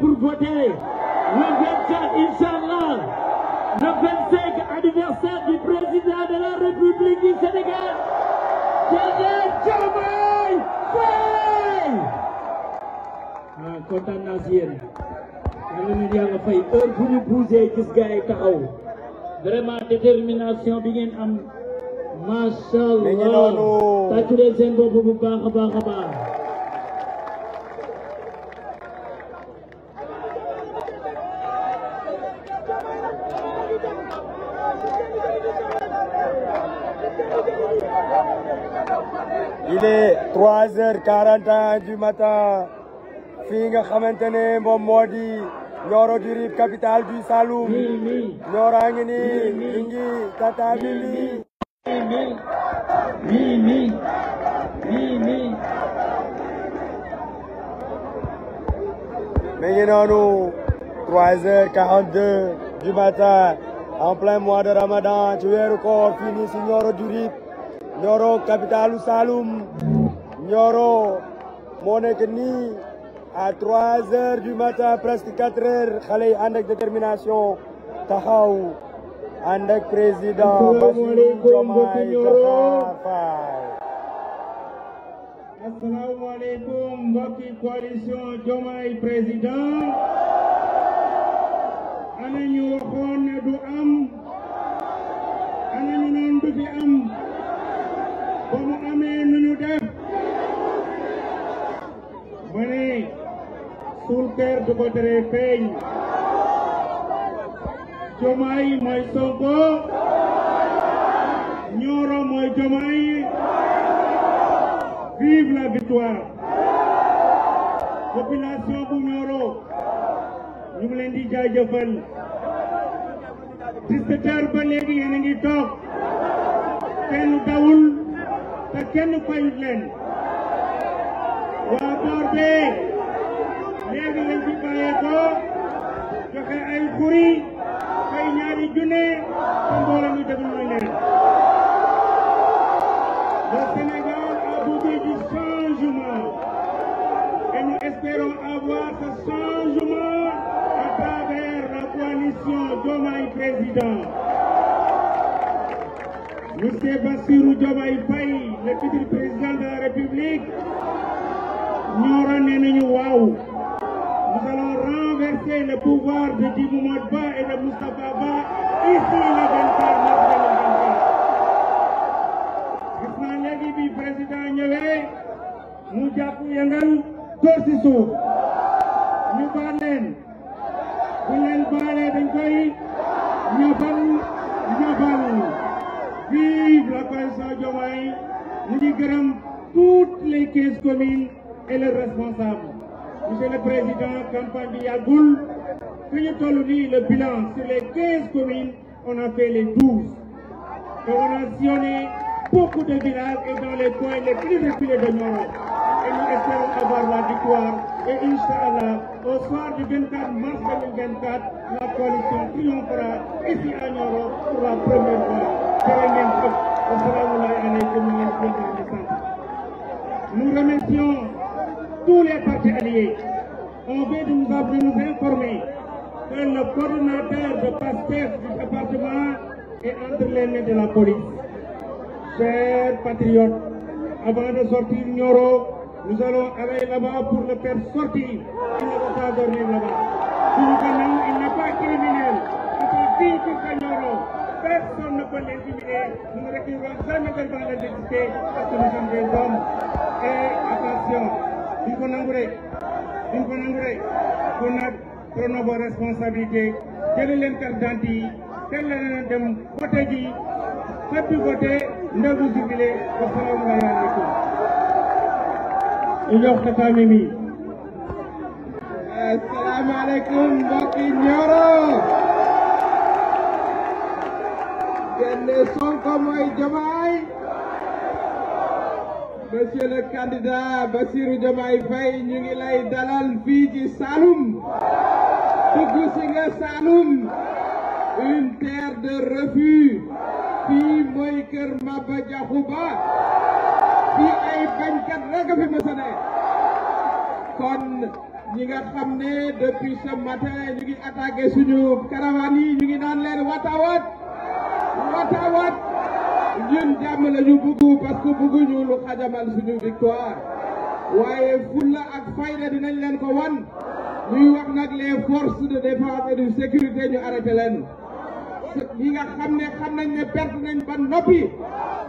pour voter. Le 24, Inch'Allah, le 25 anniversaire du président de la République du Sénégal, Diomaye Faye. ah kontaan naa si yéen. yàlla na yàlla fay heure bu ñu bougé gis gars yi taxaw. vraiment détermination bi ngeen am. macha allah tàcculee seen bopp bu baax a baax a baax. il est 3h41 du matin fii nga xamante ne moom moo di Nioro du Rip capitale du Saloum Nioro a ngi nii ñu ngi tata mimi mimi mimi mi ngi noonu 3h42 du matin en plein mois de Ramadan ci weeru koor fii si Nioro du Rip Nioro capitalu Saloum Nioro moo nekk nii à trois heures du matin presque quatre heures xale yi ànd ak détermination taxaw ànd ak président Bassirou Diomaye Diakhar Faye asalaamaaleykum mbokki coalition Diomaye président ana ñu waxoon su ko teree feeñ mooy Sonko Nioro mooy Jomaay vive la victoire population bu Nioro ñu ngi leen di jaajëfal 17 heures ba léegi yéen a ngi toog kenn dawul te kenn fayut leen waa boor bee nee na lañ fi bàyyeekoo joxe ay xuri Le Sénégal a besoin du changement et nous espérons avoir ce changement à travers la coalition Diomaye Président. Monsieur Bassirou Diomaye Faye le futur président de la République ñoo ràññee nañu allons renverser le pouvoir de Dibou Mod Ba et de Moustapha Ba ici le 24 mars 2024 gis naa léegi mu jàpp yëngal dóor si suuf leen bu leen baalee dañ koy ñafal ñafal vive le président Diomaye ñu ngi gërëm toutes les quinze communes et les responsables monsieur le président campagne bi yàggul fi ñu le bilan sur les quinze communes on a fait les et on a sillonné beaucoup de villages et dans les coins les plus reculés de Nioro et nous espérons avoir la victoire et Inch'Allah au soir du 24 mars 2024 la coalition triomphera ici à Nioro pour la première fois jërë ngeen jëf assalaamu aleykum wa rahmatullaahi wa barakaatuh nous remercions tous les partis alliés avaient de nous, de nous informer que le coordonnateur de PASTEF du département est entre de la police. Chers patriotes, avant sortir Nioro, nous allons aller là pour le faire sortir. Il ne va pas dormir là-bas. il n'est pas criminel. Il est dit Nioro. Personne ne peut l'intimider. Nous ne reculerons jamais devant l'identité parce que nous sommes des hommes. Et attention. duñ ko nangu rek duñ ko nangu rek kon nag prenons vos responsabilités jëlee leen carte d'identité yi teel leen dem voté ji happy voté ndaw bi jubilé wasalaamu aleykum ñu jox tata Mimi asalaamaaleykum mbokki Nioro genn Sonko mooy Diomaye monsieur le candidat Bassirou Diomaye Faye ñu ngi lay dalal fii ci Saloum dugg si nga Saloum une terre de refus fii mooy kër Maba Diakhou Ba fii ay bañkat rek a fi mës a ne kon ñi nga xam ne depuis ce matin ñu ngi attaqué suñu caravane yi ñu ngi naan leen watawat watawat ñun jàmm la ñu bëgg parce que bëgguñu lu xajamal suñu victoire waaye fulla ak fayda dinañ leen ko wan ñuy wax nag les forces de défense de sécurité ñu arrêté leen. ñi nga xam ne xam nañ ne perte nañ ba noppi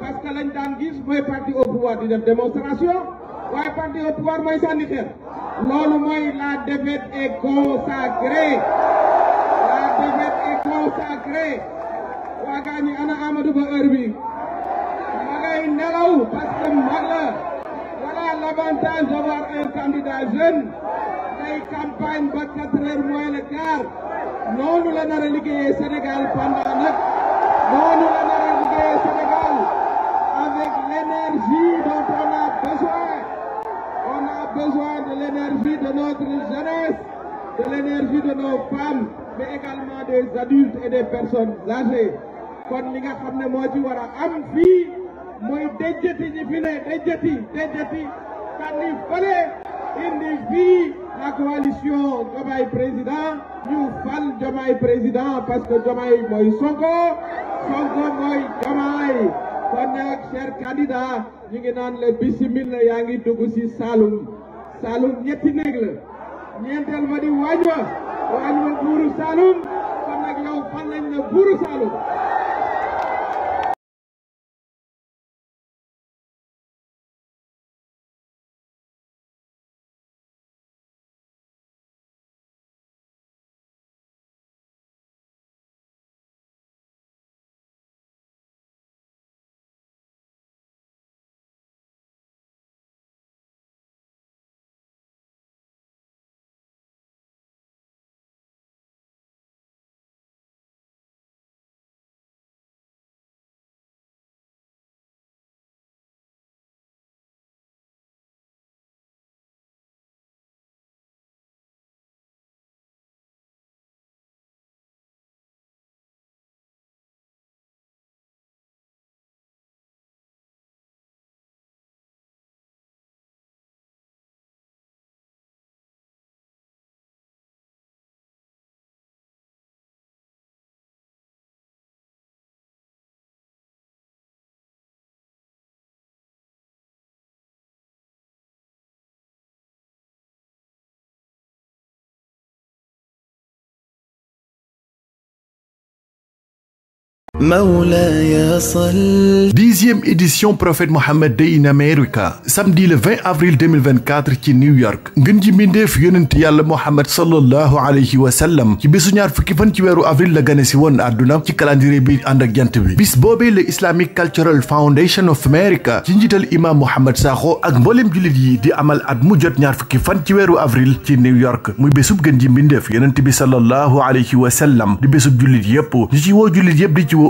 parce que lañ daan gis mooy parti au pouvoir di def démonstration waaye parti au mooy sànni xeer loolu mooy la défaite est consacrée la défaite est consacrée waa gaañi ana Amadou Ba heure bi ay nelaw parce que mag l'avantage d'avoir un candidat jeune day campagne ba quatre heures le quart noonu la nar a Sénégal pendant noonu la nar a Sénégal avec l'énergie dont on a besoin on a besoin de l'énergie de notre jeunesse de l'énergie de nos femmes mais également des adultes et des personnes âgées kon li nga xam ne moo ci war am fii muy déjjati ñi fi ne déjjati déjjati kanni fële indi fii la coalition Diomaye président ñu fal Diomaye président parce que Diomaye mooy Sonko Sonko mooy Diomaye kon nag cher candidat ñu ngi naan la bisimil la yaa ngi dugg ci Saloum Saloum la ñeenteel ba di waañ wa waañ wa buuru Saloum kon nag yow fan lañ la buuru Saloum Mawlaya Sall. dixième édition prophète Mohammed Day in America samedi le 20 avril 2024 ci New York. ngën ji mbindeef yonent yàlla Mohammed sallallahu alayhi wa sallam ci bisu ñaar fukki fan ci weeru avril la gane si woon àdduna ci calendrier bi ànd ak jant bi. bis boobee le Islamic Cultural Foundation of America ci njiital imam Mohamed Sakho ak mboolem jullit yi di amal at mu jot ñaar fukki fan ci weeru avril ci New York muy besu gën ji mbindeef yonent bi sallallahu alayhi wa sallam di bésub jullit yëpp ci woo jullit yëpp di